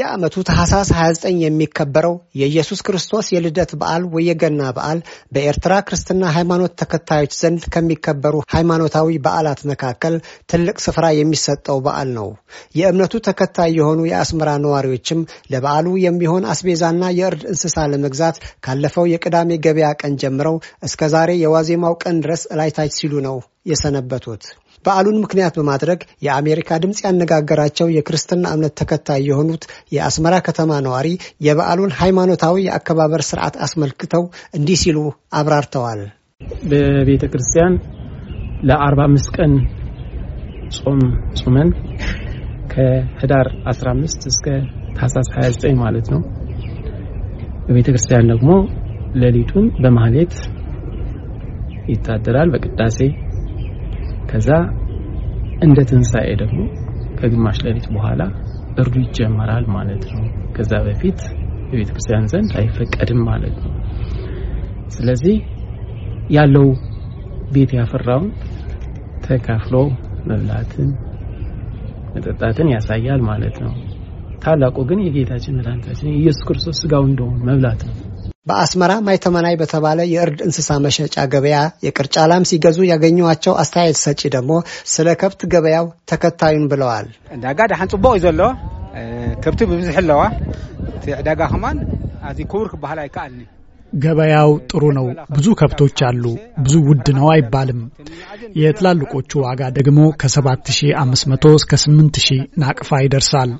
የዓመቱ ታህሳስ 29 የሚከበረው የኢየሱስ ክርስቶስ የልደት በዓል ወየገና በዓል በኤርትራ ክርስትና ሃይማኖት ተከታዮች ዘንድ ከሚከበሩ ሃይማኖታዊ በዓላት መካከል ትልቅ ስፍራ የሚሰጠው በዓል ነው። የእምነቱ ተከታይ የሆኑ የአስመራ ነዋሪዎችም ለበዓሉ የሚሆን አስቤዛና የእርድ እንስሳ ለመግዛት ካለፈው የቅዳሜ ገበያ ቀን ጀምረው እስከ ዛሬ የዋዜማው ቀን ድረስ እላይታች ሲሉ ነው የሰነበቱት። በዓሉን ምክንያት በማድረግ የአሜሪካ ድምፅ ያነጋገራቸው የክርስትና እምነት ተከታይ የሆኑት የአስመራ ከተማ ነዋሪ የበዓሉን ሃይማኖታዊ የአከባበር ስርዓት አስመልክተው እንዲህ ሲሉ አብራርተዋል። በቤተ ክርስቲያን ለ45 ቀን ጾም ጾመን ከህዳር 15 እስከ ታህሳስ 29 ማለት ነው። በቤተ ክርስቲያን ደግሞ ሌሊቱን በማህሌት ይታደራል በቅዳሴ ከዛ እንደ ትንሳኤ ደግሞ ከግማሽ ሌሊት በኋላ እርዱ ይጀመራል ማለት ነው። ከዛ በፊት የቤተ ክርስቲያን ዘንድ አይፈቀድም ማለት ነው። ስለዚህ ያለው ቤት ያፈራውን ተካፍሎ መብላትን መጠጣትን ያሳያል ማለት ነው። ታላቁ ግን የጌታችን መድኃኒታችን ኢየሱስ ክርስቶስ ስጋው እንደሆነ መብላት ነው። በአስመራ ማይተመናይ በተባለ የእርድ እንስሳ መሸጫ ገበያ የቅርጫ ላም ሲገዙ ያገኘኋቸው አስተያየት ሰጪ ደግሞ ስለ ከብት ገበያው ተከታዩን ብለዋል። ዕዳጋ ዳሓን ፅቡቅ እዩ ዘሎ ከብቲ ብብዝሕ ኣለዋ እቲ ዕዳጋ ከማን ኣዝዩ ክቡር ክበሃል ኣይከኣልኒ ገበያው ጥሩ ነው። ብዙ ከብቶች አሉ። ብዙ ውድ ነው አይባልም። የትላልቆቹ ዋጋ ደግሞ ከ7500 እስከ 8000 ናቅፋ ይደርሳል።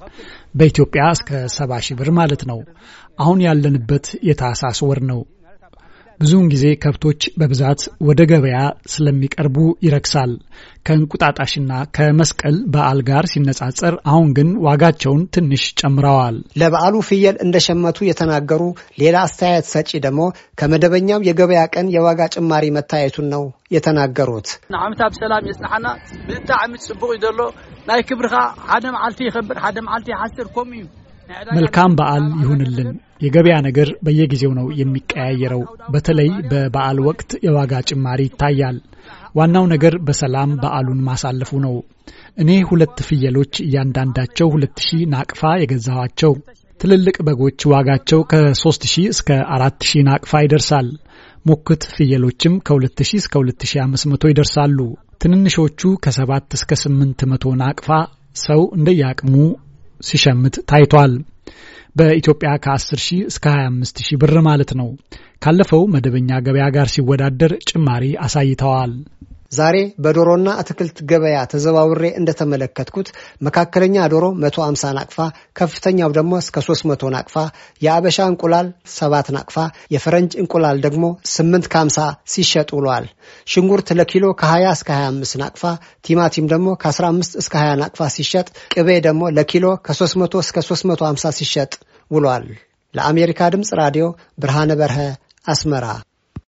በኢትዮጵያ እስከ 70 ሺህ ብር ማለት ነው። አሁን ያለንበት የታህሳስ ወር ነው። ብዙውን ጊዜ ከብቶች በብዛት ወደ ገበያ ስለሚቀርቡ ይረክሳል። ከእንቁጣጣሽና ከመስቀል በዓል ጋር ሲነጻጸር አሁን ግን ዋጋቸውን ትንሽ ጨምረዋል። ለበዓሉ ፍየል እንደሸመቱ የተናገሩ ሌላ አስተያየት ሰጪ ደግሞ ከመደበኛው የገበያ ቀን የዋጋ ጭማሪ መታየቱን ነው የተናገሩት። ንዓመታ ሰላም የፅናሓና ብጣዕሚ ፅቡቅ እዩ ዘሎ ናይ ክብርካ ሓደ መዓልቲ ይኸብር ሓደ መዓልቲ ይሓስር ከምኡ እዩ መልካም በዓል ይሁንልን። የገበያ ነገር በየጊዜው ነው የሚቀያየረው። በተለይ በበዓል ወቅት የዋጋ ጭማሪ ይታያል። ዋናው ነገር በሰላም በዓሉን ማሳለፉ ነው። እኔ ሁለት ፍየሎች እያንዳንዳቸው ሁለት ሺህ ናቅፋ የገዛኋቸው ትልልቅ በጎች ዋጋቸው ከ3 ሺህ እስከ 4 ሺህ ናቅፋ ይደርሳል። ሞክት ፍየሎችም ከ2 ሺህ እስከ 2500 ይደርሳሉ። ትንንሾቹ ከ7 እስከ 800 ናቅፋ ሰው እንደየአቅሙ ሲሸምት ታይቷል። በኢትዮጵያ ከ10 ሺህ እስከ 25 ሺ ብር ማለት ነው። ካለፈው መደበኛ ገበያ ጋር ሲወዳደር ጭማሪ አሳይተዋል። ዛሬ በዶሮና አትክልት ገበያ ተዘዋውሬ እንደተመለከትኩት መካከለኛ ዶሮ 150 ናቅፋ፣ ከፍተኛው ደግሞ እስከ 300 ናቅፋ፣ የአበሻ እንቁላል 7 ናቅፋ፣ የፈረንጅ እንቁላል ደግሞ 8 ከ50 ሲሸጥ ውሏል። ሽንኩርት ለኪሎ ከ20 እስከ 25 ናቅፋ፣ ቲማቲም ደግሞ ከ15 እስከ 20 ናቅፋ ሲሸጥ፣ ቅቤ ደግሞ ለኪሎ ከ300 እስከ 350 ሲሸጥ ውሏል። ለአሜሪካ ድምፅ ራዲዮ ብርሃነ በርሀ አስመራ